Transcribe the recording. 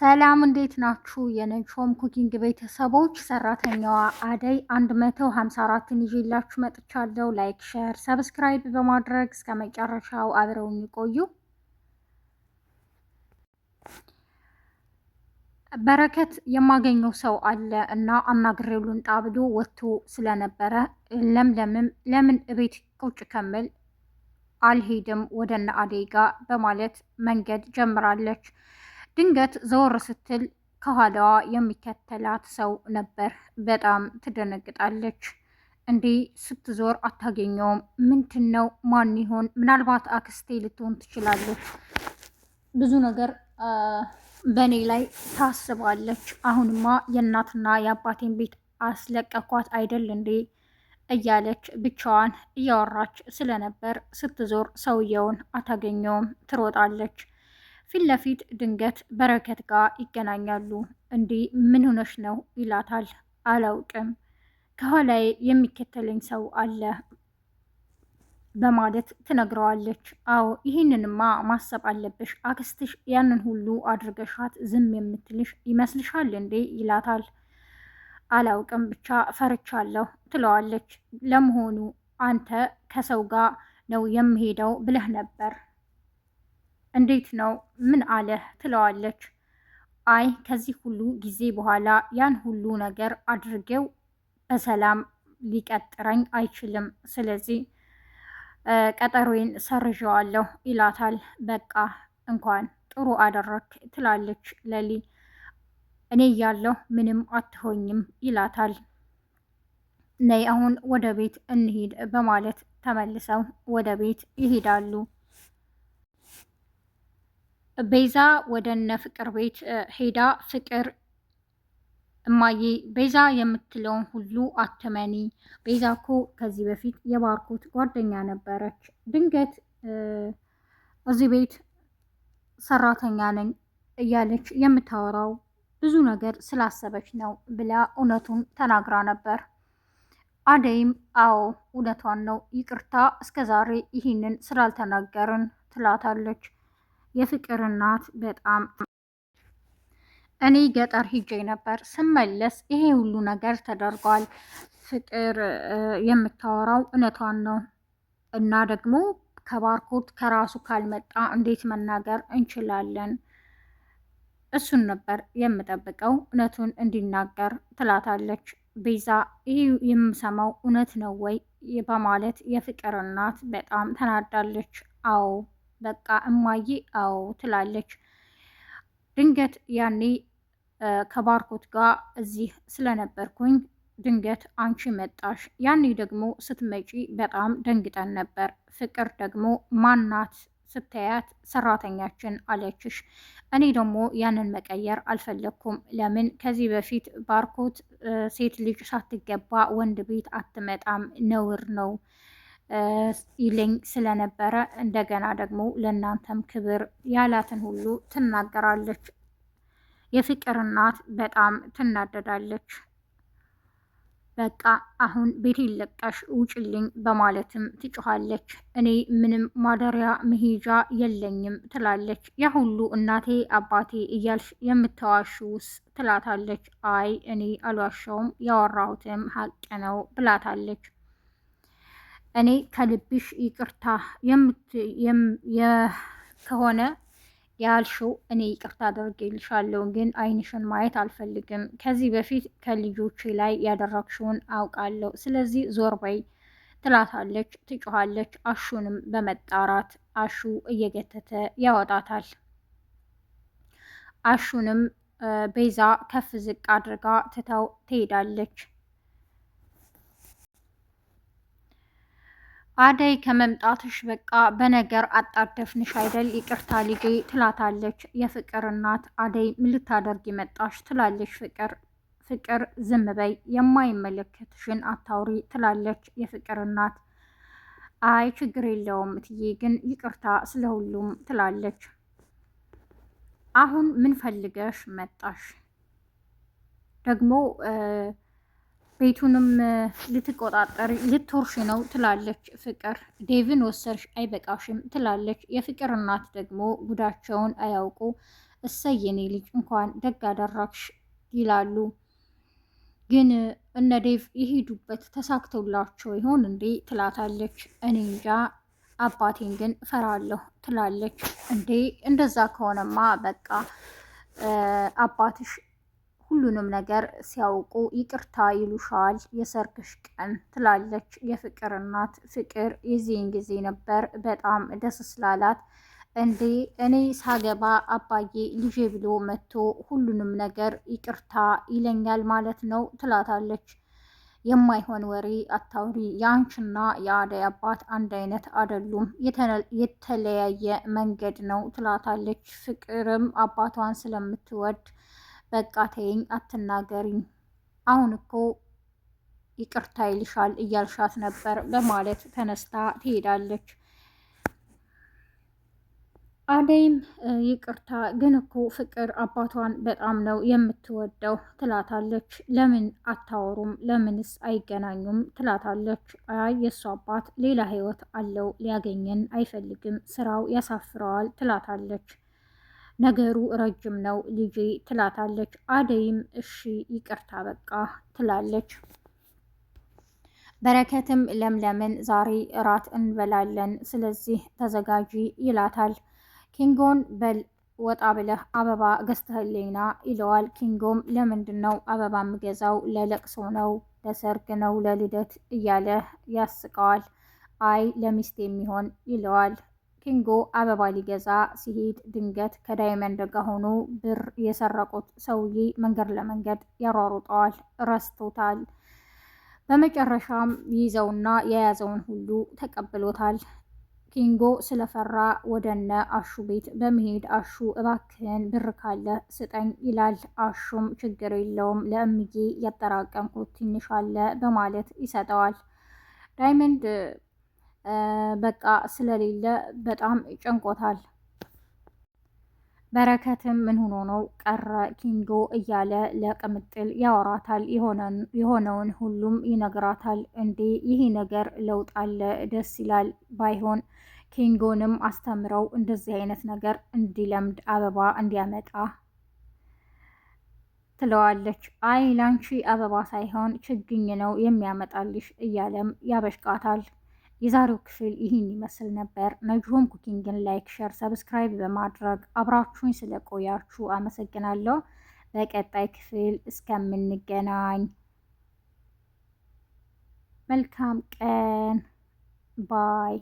ሰላም እንዴት ናችሁ? የነጅ ሆም ኩኪንግ ቤተሰቦች ሰራተኛዋ አደይ 154ን ይዤላችሁ መጥቻለሁ። ላይክ፣ ሼር፣ ሰብስክራይብ በማድረግ እስከ መጨረሻው አብረውን ይቆዩ። በረከት የማገኘው ሰው አለ እና አናግሬው ልምጣ ብሎ ወጥቶ ስለነበረ ለምለምም ለምን እቤት ቁጭ ከምል አልሄድም ወደነ አደይ ጋ በማለት መንገድ ጀምራለች። ድንገት ዘወር ስትል ከኋላዋ የሚከተላት ሰው ነበር። በጣም ትደነግጣለች። እንዲህ ስትዞር አታገኘውም። ምንድን ነው? ማን ይሆን? ምናልባት አክስቴ ልትሆን ትችላለች። ብዙ ነገር በእኔ ላይ ታስባለች። አሁንማ የእናትና የአባቴን ቤት አስለቀኳት አይደል እንዴ እያለች ብቻዋን እያወራች ስለነበር ስትዞር ሰውየውን አታገኘውም። ትሮጣለች። ፊት ለፊት ድንገት በረከት ጋር ይገናኛሉ። እንዲህ ምን ሆነሽ ነው ይላታል። አላውቅም ከኋላዬ የሚከተለኝ ሰው አለ በማለት ትነግረዋለች። አዎ ይህንንማ ማሰብ አለብሽ፣ አክስትሽ ያንን ሁሉ አድርገሻት ዝም የምትልሽ ይመስልሻል እንዴ ይላታል። አላውቅም ብቻ ፈርቻለሁ ትለዋለች። ለመሆኑ አንተ ከሰው ጋር ነው የምሄደው ብለህ ነበር እንዴት ነው ምን አለ ትለዋለች። አይ ከዚህ ሁሉ ጊዜ በኋላ ያን ሁሉ ነገር አድርጌው በሰላም ሊቀጥረኝ አይችልም። ስለዚህ ቀጠሮዬን ሰርዣዋለሁ ይላታል። በቃ እንኳን ጥሩ አደረክ ትላለች ለሊ። እኔ እያለሁ ምንም አትሆኝም ይላታል። ነይ አሁን ወደ ቤት እንሂድ በማለት ተመልሰው ወደ ቤት ይሄዳሉ። ቤዛ ወደ እነ ፍቅር ቤት ሄዳ ፍቅር እማዬ ቤዛ የምትለውን ሁሉ አትመኒ። ቤዛ እኮ ከዚህ በፊት የባርኮት ጓደኛ ነበረች። ድንገት እዚህ ቤት ሰራተኛ ነኝ እያለች የምታወራው ብዙ ነገር ስላሰበች ነው ብላ እውነቱን ተናግራ ነበር። አደይም አዎ እውነቷን ነው፣ ይቅርታ እስከዛሬ ይህንን ስላልተናገርን ትላታለች። የፍቅር እናት በጣም እኔ ገጠር ሂጄ ነበር ስመለስ ይሄ ሁሉ ነገር ተደርጓል። ፍቅር የምታወራው እውነቷን ነው እና ደግሞ ከባርኮት ከራሱ ካልመጣ እንዴት መናገር እንችላለን? እሱን ነበር የምጠብቀው እውነቱን እንዲናገር ትላታለች ቤዛ። ይህ የምሰማው እውነት ነው ወይ በማለት የፍቅር እናት በጣም ተናዳለች። አዎ በቃ እማዬ አዎ ትላለች። ድንገት ያኔ ከባርኮት ጋር እዚህ ስለነበርኩኝ ድንገት አንቺ መጣሽ። ያኔ ደግሞ ስትመጪ በጣም ደንግጠን ነበር። ፍቅር ደግሞ ማናት ስታያት ሰራተኛችን አለችሽ። እኔ ደግሞ ያንን መቀየር አልፈለግኩም። ለምን ከዚህ በፊት ባርኮት ሴት ልጅ ሳትገባ ወንድ ቤት አትመጣም፣ ነውር ነው ይለኝ ስለነበረ እንደገና ደግሞ ለእናንተም ክብር ያላትን ሁሉ ትናገራለች። የፍቅር እናት በጣም ትናደዳለች። በቃ አሁን ቤት ለቀሽ ውጭልኝ በማለትም ትጮኋለች። እኔ ምንም ማደሪያ መሄጃ የለኝም ትላለች። ያ ሁሉ እናቴ አባቴ እያልሽ የምታዋሽውስ ትላታለች። አይ እኔ አልዋሻውም ያወራሁትም ሀቅ ነው ብላታለች። እኔ ከልብሽ ይቅርታ ከሆነ ያልሽው እኔ ይቅርታ አደርግልሻለሁ፣ ግን አይንሽን ማየት አልፈልግም። ከዚህ በፊት ከልጆቼ ላይ ያደረግሽውን አውቃለሁ። ስለዚህ ዞር በይ ትላታለች፣ ትጮኋለች። አሹንም በመጣራት አሹ እየገተተ ያወጣታል። አሹንም ቤዛ ከፍ ዝቅ አድርጋ ትተው ትሄዳለች። አደይ ከመምጣትሽ በቃ በነገር አጣደፍንሽ አይደል? ይቅርታ ልጄ ትላታለች የፍቅር እናት። አደይ ምን መጣሽ? ትላለች ፍቅር። ፍቅር ዝም በይ የማይመለከትሽን አታውሪ ትላለች የፍቅር እናት። አይ ችግር የለውም እትዬ፣ ግን ይቅርታ ስለ ሁሉም ትላለች። አሁን ምን ፈልገሽ መጣሽ ደግሞ ቤቱንም ልትቆጣጠር ልትወርሽ ነው ትላለች ፍቅር። ዴቭን ወሰርሽ አይበቃሽም ትላለች። የፍቅር እናት ደግሞ ጉዳቸውን አያውቁ እሰየኔ ልጅ እንኳን ደግ አደረግሽ ይላሉ። ግን እነ ዴቭ የሄዱበት ተሳክቶላቸው ይሆን እንዴ ትላታለች። እኔ እንጃ አባቴን ግን እፈራለሁ ትላለች። እንዴ እንደዛ ከሆነማ በቃ አባትሽ ሁሉንም ነገር ሲያውቁ ይቅርታ ይሉሻል የሰርግሽ ቀን ትላለች የፍቅር እናት። ፍቅር የዚህን ጊዜ ነበር በጣም ደስ ስላላት እንዴ እኔ ሳገባ አባዬ ልጄ ብሎ መጥቶ ሁሉንም ነገር ይቅርታ ይለኛል ማለት ነው ትላታለች። የማይሆን ወሬ አታውሪ፣ የአንቺና የአደይ አባት አንድ አይነት አይደሉም፣ የተለያየ መንገድ ነው ትላታለች። ፍቅርም አባቷን ስለምትወድ በቃ ተይኝ፣ አትናገሪኝ፣ አሁን እኮ ይቅርታ ይልሻል እያልሻት ነበር በማለት ተነስታ ትሄዳለች። አደይም ይቅርታ ግን እኮ ፍቅር አባቷን በጣም ነው የምትወደው ትላታለች። ለምን አታወሩም? ለምንስ አይገናኙም? ትላታለች። አይ የእሱ አባት ሌላ ሕይወት አለው ሊያገኘን አይፈልግም፣ ስራው ያሳፍረዋል ትላታለች። ነገሩ ረጅም ነው ልጄ ትላታለች። አደይም እሺ ይቅርታ በቃ ትላለች። በረከትም ለምለምን ዛሬ እራት እንበላለን፣ ስለዚህ ተዘጋጂ ይላታል። ኪንጎን በል ወጣ ብለህ አበባ ገዝተህልኝና ይለዋል። ኪንጎም ለምንድን ነው አበባ የምገዛው? ለለቅሶ ነው፣ ለሰርግ ነው፣ ለልደት እያለ ያስቀዋል። አይ ለሚስት የሚሆን ይለዋል። ኪንጎ አበባ ሊገዛ ሲሄድ ድንገት ከዳይመንድ ጋር ሆኖ ብር የሰረቁት ሰውዬ መንገድ ለመንገድ ያሯሩጠዋል፣ ረስቶታል። በመጨረሻም ይዘውና የያዘውን ሁሉ ተቀብሎታል። ኪንጎ ስለፈራ ወደነ አሹ ቤት በመሄድ አሹ እባክህን ብር ካለ ስጠኝ ይላል። አሹም ችግር የለውም ለእምዬ ያጠራቀምኩት ትንሽ አለ በማለት ይሰጠዋል። ዳይመንድ በቃ ስለሌለ በጣም ጨንቆታል። በረከትም ምን ሆኖ ነው ቀረ ኪንጎ እያለ ለቅምጥል ያወራታል። የሆነውን ሁሉም ይነግራታል። እንዴ ይህ ነገር ለውጥ አለ፣ ደስ ይላል። ባይሆን ኪንጎንም አስተምረው እንደዚህ አይነት ነገር እንዲለምድ አበባ እንዲያመጣ ትለዋለች። አይ ላንቺ አበባ ሳይሆን ችግኝ ነው የሚያመጣልሽ እያለም ያበሽቃታል። የዛሬው ክፍል ይህን ይመስል ነበር። ነጅሆም ኩኪንግን ላይክ፣ ሸር፣ ሰብስክራይብ በማድረግ አብራችሁኝ ስለቆያችሁ አመሰግናለሁ። በቀጣይ ክፍል እስከምንገናኝ መልካም ቀን ባይ